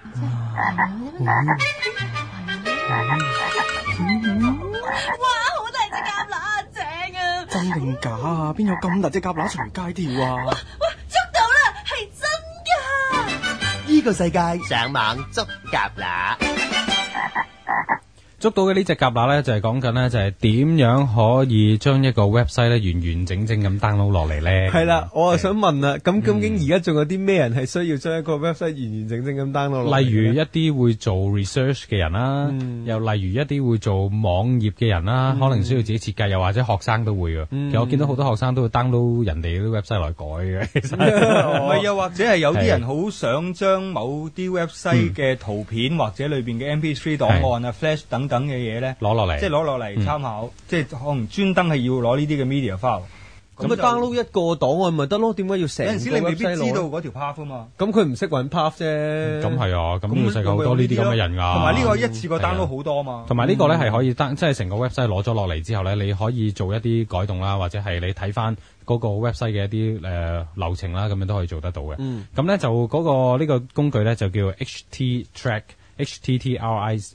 嗯嗯，哇！好大隻蛤乸正啊！真定假啊？邊有咁大隻蛤乸隨街跳啊？哇！捉到啦，係真噶！呢個世界上網捉蛤乸。 捉到嘅呢隻蛤乸咧，就係講緊咧，就係點樣可以將一個 website 咧完完整整咁 download 落嚟咧？係啦，我又想問啊，咁究竟而家仲有啲咩人係需要將一個 website 完完整整咁 download 落嚟咧？例如一啲會做 research 嘅人啦，又例如一啲會做網頁嘅人啦，可能需要自己設計，又或者學生都會啊。其實我見到好多學生都會 download 人哋啲 website 嚟改嘅。係啊，又或者係有啲人好想將某啲 website 嘅圖片或者裏邊嘅 MP3 檔案啊、Flash 等。等嘅嘢咧攞落嚟，即係攞落嚟參考，嗯、即係可能專這樣 登係要攞呢啲嘅 media file。咁啊 download 一個檔案咪得咯？點解要成？有陣時你未必知道嗰條 path 嘛。咁佢唔識揾 path 啫。咁係、嗯、啊，咁唔識好多呢啲咁嘅人噶。同埋呢個一次過 download 好多啊嘛。同埋、嗯、呢個咧係可以得，即係成個 website 攞咗落嚟之後咧，你可以做一啲改動啦，或者係你睇翻嗰個 website 嘅一啲誒、呃、流程啦，咁樣都可以做得到嘅。咁咧、嗯嗯、就嗰、那個呢、這個工具咧就叫 HTTrack h t t r i s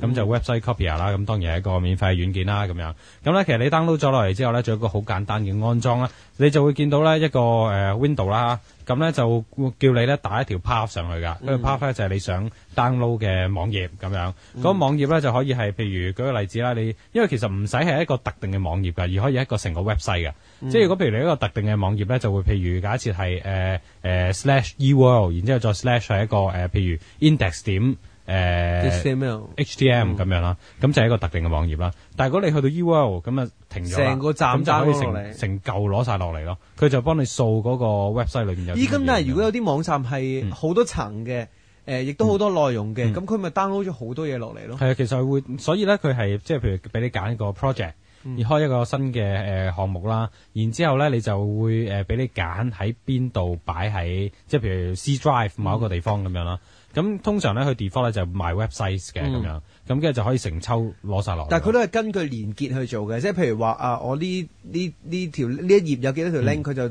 咁、嗯、就 website copier 啦，咁當然係一個免費軟件啦，咁樣。咁咧，其實你 download 咗落嚟之後咧，仲有一個好簡單嘅安裝啦。你就會見到咧一個誒、uh, window 啦，咁咧就叫你咧打一條 path 上去㗎。嗰、嗯、個 path 咧就係、是、你想 download 嘅網頁咁樣。嗰、嗯、個網頁咧就可以係譬如舉個例子啦，你因為其實唔使係一個特定嘅網頁㗎，而可以一個成個 website 嘅。嗯、即係如果譬如你一個特定嘅網頁咧，就會譬如假設係誒誒、呃呃、slash e world，然之後再 slash 係一個誒、呃、譬如 index 點。Ind 誒 HTML、HTML 咁樣啦，咁就係一個特定嘅網頁啦。但如果你去到 URL 咁啊，停咗啦，咁就可以成成嚿攞晒落嚟咯。佢就幫你掃嗰個 website 裏邊有。咦？咁但係如果有啲網站係好多層嘅，誒亦都好多內容嘅，咁佢咪 download 咗好多嘢落嚟咯？係啊，其實佢會，所以咧佢係即係譬如俾你揀一個 project，而開一個新嘅誒項目啦。然之後咧你就會誒俾你揀喺邊度擺喺，即係譬如 C Drive 某一個地方咁樣啦。咁通常咧，佢 default 咧就賣 website 嘅咁、嗯、樣，咁跟住就可以成抽攞晒落。但係佢都係根據連結去做嘅，即係譬如話啊，我呢呢呢條呢一頁有幾多、嗯、多條 link，佢就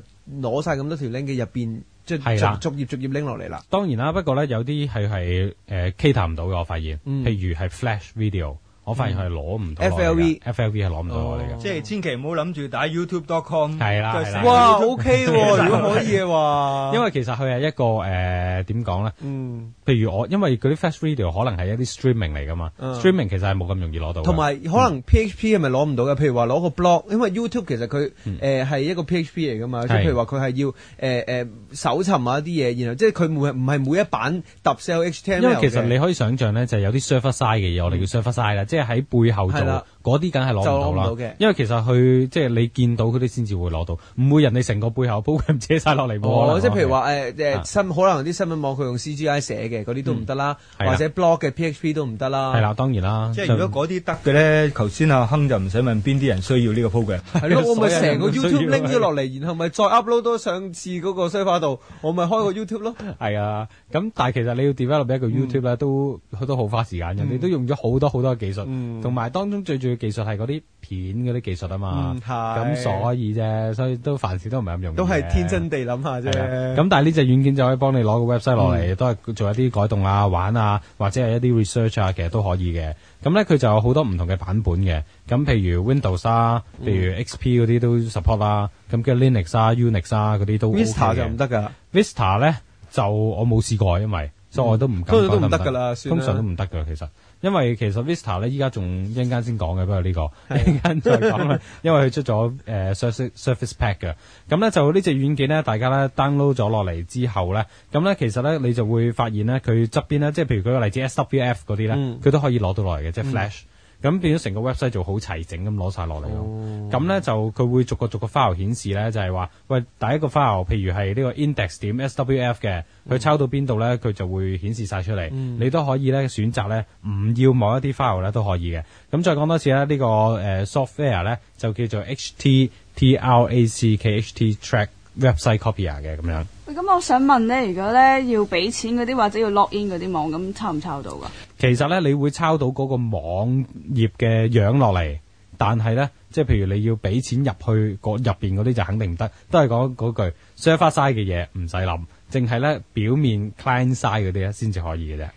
攞晒咁多條 link 嘅入邊，的逐逐逐頁逐頁拎落嚟啦。當然啦，不過咧有啲係係誒 key 唔到嘅，我發現，嗯、譬如係 flash video。我發現佢係攞唔到嘅，FLV，FLV 係攞唔到我哋㗎，即係千祈唔好諗住打 YouTube.com。係啦，哇，OK 喎，如果可以嘅話，因為其實佢係一個誒點講咧？嗯，譬如我因為嗰啲 Flash Video 可能係一啲 streaming 嚟㗎嘛，streaming 其實係冇咁容易攞到。同埋可能 PHP 係咪攞唔到嘅？譬如話攞個 blog，因為 YouTube 其實佢誒係一個 PHP 嚟㗎嘛，即係譬如話佢係要誒誒搜尋啊一啲嘢，然後即係佢冇唔係每一版揼 sell HTML。因為其實你可以想象咧，就係有啲 server side 嘅嘢，我哋叫 server side 啦，即係。即係喺背後做。嗰啲梗係攞唔到嘅，因為其實佢即係你見到嗰啲先至會攞到，唔會人哋成個背後 program 寫晒落嚟喎。即係譬如話誒誒新，可能啲新聞網佢用 C G I 寫嘅嗰啲都唔得啦，或者 blog 嘅 P H P 都唔得啦。係啦，當然啦。即係如果嗰啲得嘅咧，頭先阿亨就唔使問邊啲人需要呢個 program。咁我咪成個 YouTube 拎咗落嚟，然後咪再 upload 都上次嗰個 super 度，我咪開個 YouTube 咯。係啊，咁但係其實你要 develop 一個 YouTube 咧，都好花時間，人哋都用咗好多好多嘅技術，同埋當中最最。技術係嗰啲片嗰啲技術啊嘛，咁、嗯、所以啫，所以都凡事都唔係咁用，都係天真地諗下啫。咁但係呢隻軟件就可以幫你攞個 website 落嚟，嗯、都係做一啲改動啊、玩啊，或者係一啲 research 啊，其實都可以嘅。咁咧佢就有好多唔同嘅版本嘅。咁譬如 Windows 啊，譬、嗯、如 XP 嗰啲都 support 啦。咁跟住 Linux 啊、Unix 啊嗰啲、啊、都、OK。Vista 就唔得噶。Vista 咧就我冇試過，因為所以我都唔、嗯。都唔得噶啦，通常都唔得噶，其實。因為其實 Vista 咧依家仲一陣間先講嘅，不過呢個一陣間再講啦。因為佢出咗誒 Surface Surface Pack 嘅，咁咧就呢隻軟件咧，大家咧 download 咗落嚟之後咧，咁咧其實咧你就會發現咧佢側邊咧，即係譬如舉個例子 SWF 嗰啲咧，佢、嗯、都可以攞到落嚟嘅，嗯、即係 Flash、嗯。咁變咗成個 website 就好齊整咁攞晒落嚟咯。咁咧就佢會逐個逐個 file 顯示咧，就係話喂，第一個 file，譬如係呢個 index 點 swf 嘅，佢抄到邊度咧，佢就會顯示晒出嚟。你都可以咧選擇咧，唔要某一啲 file 咧都可以嘅。咁再講多次啦，呢個誒 software 咧就叫做 HTTrack。Website Copier 嘅咁樣。喂、like，咁我想問咧，如果咧要俾錢嗰啲或者要 login 嗰啲網，咁抄唔抄到噶？其實咧，你會抄到嗰個網頁嘅樣落嚟，但係咧，即係譬如你要俾錢入去個入邊嗰啲，就肯定唔得。都係講嗰句 server side 嘅嘢唔使諗，淨係咧表面 client side 嗰啲咧先至可以嘅啫。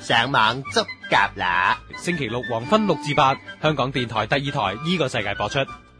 上網捉蛤乸喇，星期六黃昏六至八，香港電台第二台依、這個世界播出。